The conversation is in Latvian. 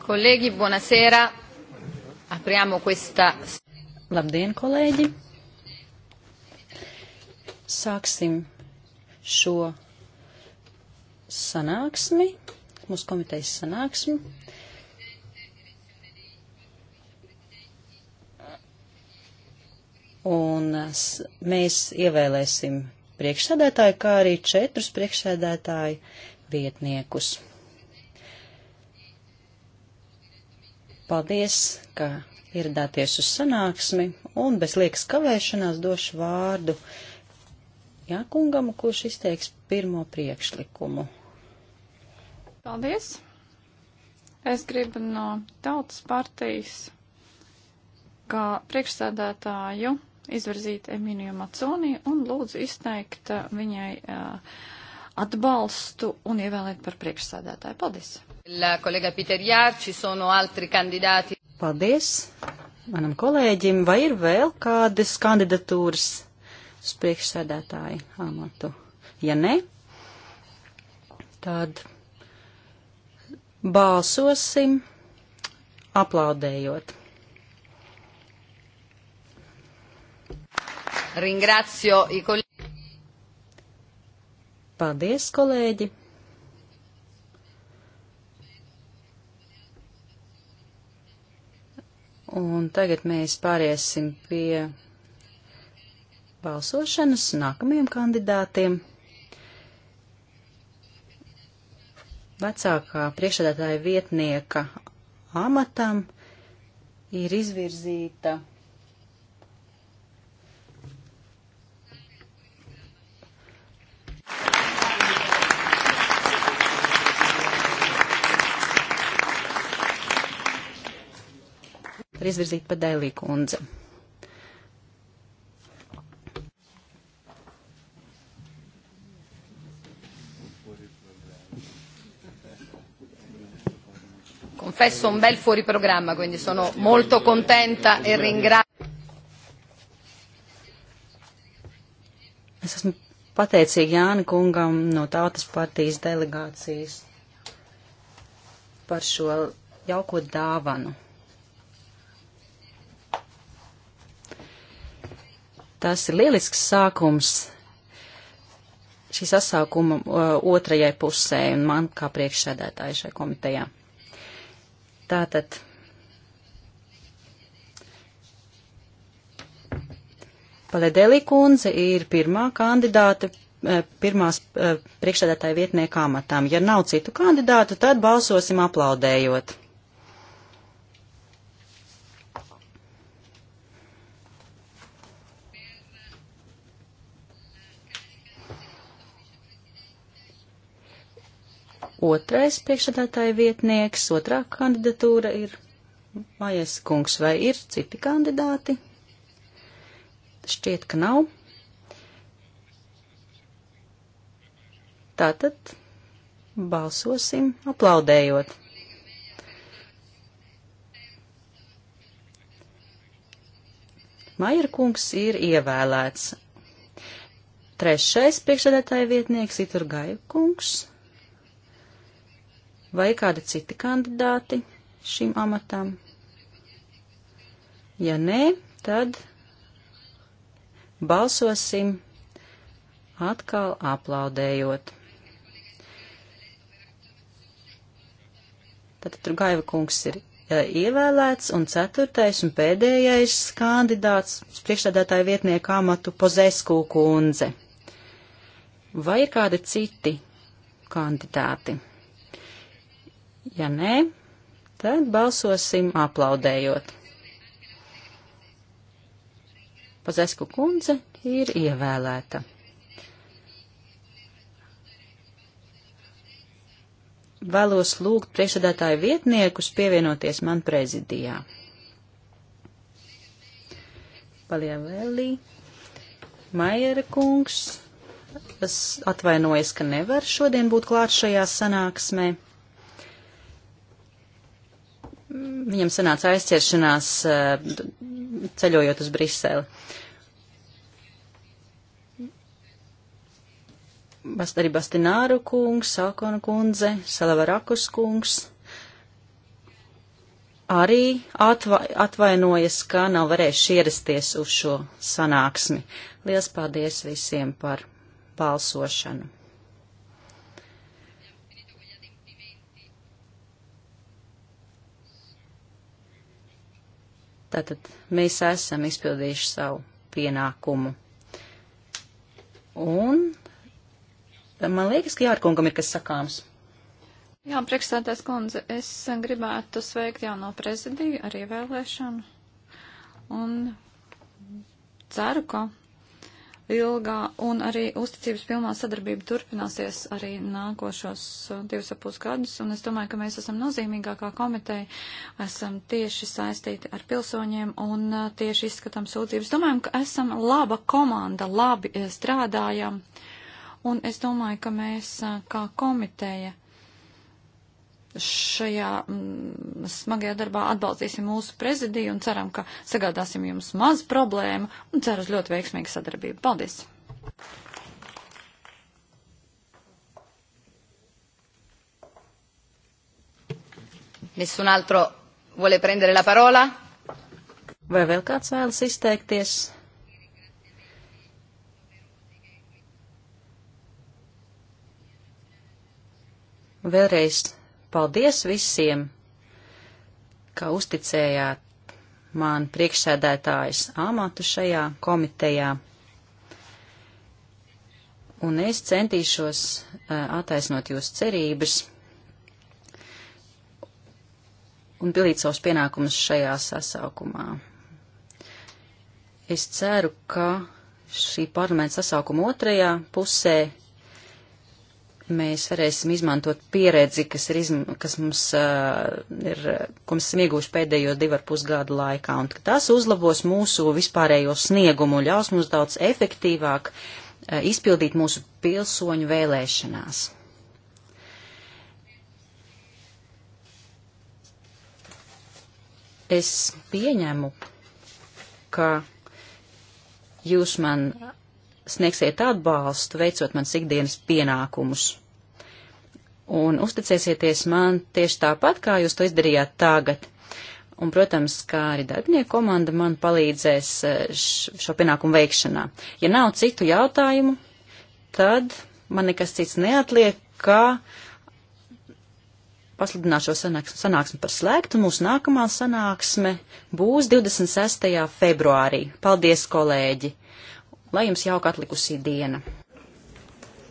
Kolēģi, buonasera. Apriamo questa. Labdien, kolēģi. Sāksim šo sanāksmi, mūsu komitejas sanāksmi. Un mēs ievēlēsim priekšsēdētāju, kā arī četrus priekšsēdētāju vietniekus. Paldies, ka ieradāties uz sanāksmi un bez liekas kavēšanās došu vārdu Jākungam, kurš izteiks pirmo priekšlikumu. Paldies! Es gribu no tautas partijas, kā priekšsēdētāju, izvirzīt Emīniju Macūniju un lūdzu izteikt viņai uh, atbalstu un ievēlēt par priekšsēdētāju. Paldies! La kolega Piter Jārči, sono altri kandidāti. Paldies manam kolēģim. Vai ir vēl kādas kandidatūras uz priekšsēdētāju amatu? Ja ne, tad balsosim aplaudējot. Ringrazio i kolēģi. Paldies, kolēģi! Un tagad mēs pāriesim pie balsošanas nākamajiem kandidātiem. Vecākā priekšsēdētāja vietnieka amatam ir izvirzīta ir izvirzīta pa Dēlī kundze. confesso un bel fuori programma, quindi sono molto contenta e ringrazio. Es esmu pateicīga Jāni kungam no Tautas partijas delegācijas par šo jauko dāvanu. Tas ir lielisks sākums šī sasaukuma uh, otrajai pusē un man kā priekšsēdētāju šai komitejā. Tātad. Paledeli kundze ir pirmā kandidāte uh, pirmās uh, priekšsēdētāja vietnieka amatām. Ja nav citu kandidātu, tad balsosim aplaudējot. Otrais priekšsēdētāja vietnieks, otrā kandidatūra ir Majas kungs. Vai ir citi kandidāti? Šķiet, ka nav. Tātad balsosim aplaudējot. Mairkungs ir ievēlēts. Trešais priekšsēdētāja vietnieks Itur Gaju kungs. Vai kādi citi kandidāti šim amatam? Ja nē, tad balsosim atkal aplaudējot. Tātad tur Gaiva kungs ir e, ievēlēts, un ceturtais un pēdējais kandidāts priekšstādātāja vietnieku amatu Pozesku kundze. Vai ir kādi citi kandidāti? Ja nē, tad balsosim aplaudējot. Pazesku kundze ir ievēlēta. Vēlos lūgt priekšsēdētāju vietniekus pievienoties man prezidijā. Palievēlī, Maiera kungs, es atvainojos, ka nevar šodien būt klāt šajā sanāksmē. viņam sanāca aizķeršanās eh, ceļojot uz Briseli. Bast arī Bastināru kungs, Sākona kundze, Salavarakus kungs arī atva atvainojas, ka nav varējuši ierasties uz šo sanāksmi. Lielas paldies visiem par balsošanu! Tātad mēs esam izpildījuši savu pienākumu. Un man liekas, ka Jārkungam ir kas sakāms. Jā, priekšstādās kundze, es gribētu sveikt jauno prezidiju arī vēlēšanu. Un ceru, ka ilgā un arī uzticības pilnā sadarbība turpināsies arī nākošos uh, divus apus gadus, un es domāju, ka mēs esam nozīmīgākā komiteja, esam tieši saistīti ar pilsoņiem un uh, tieši izskatām sūdzības. Domājam, ka esam laba komanda, labi eh, strādājam, un es domāju, ka mēs uh, kā komiteja šajā mm, smagajā darbā atbalstīsim mūsu prezidiju un ceram, ka sagādāsim jums maz problēmu un ceru uz ļoti veiksmīgu sadarbību. Paldies! Nessun altro vuole prendere la parola? Vai vēl kāds vēlas izteikties? Vēlreiz Paldies visiem, ka uzticējāt man priekšsēdētājs amatu šajā komitejā. Un es centīšos eh, attaisnot jūsu cerības un pildīt savus pienākumus šajā sasaukumā. Es ceru, ka šī parlamenta sasaukuma otrajā pusē mēs varēsim izmantot pieredzi, kas, ir izm kas mums uh, ir, ko mēs esam iegūši pēdējo divu ar pus gadu laikā, un tas uzlabos mūsu vispārējo sniegumu un ļaus mums daudz efektīvāk uh, izpildīt mūsu pilsoņu vēlēšanās. Es pieņemu, ka jūs man sniegsiet atbalstu, veicot manas ikdienas pienākumus. Un uzticēsieties man tieši tāpat, kā jūs to izdarījāt tagad. Un, protams, kā arī darbinieku komanda man palīdzēs eh, šo pienākumu veikšanā. Ja nav citu jautājumu, tad man nekas cits neatliek, kā pasludināt šo sanāksmi, sanāksmi par slēgtu. Mūsu nākamā sanāksme būs 26. februārī. Paldies, kolēģi! Lai jums jauka atlikusī diena!